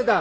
predseda.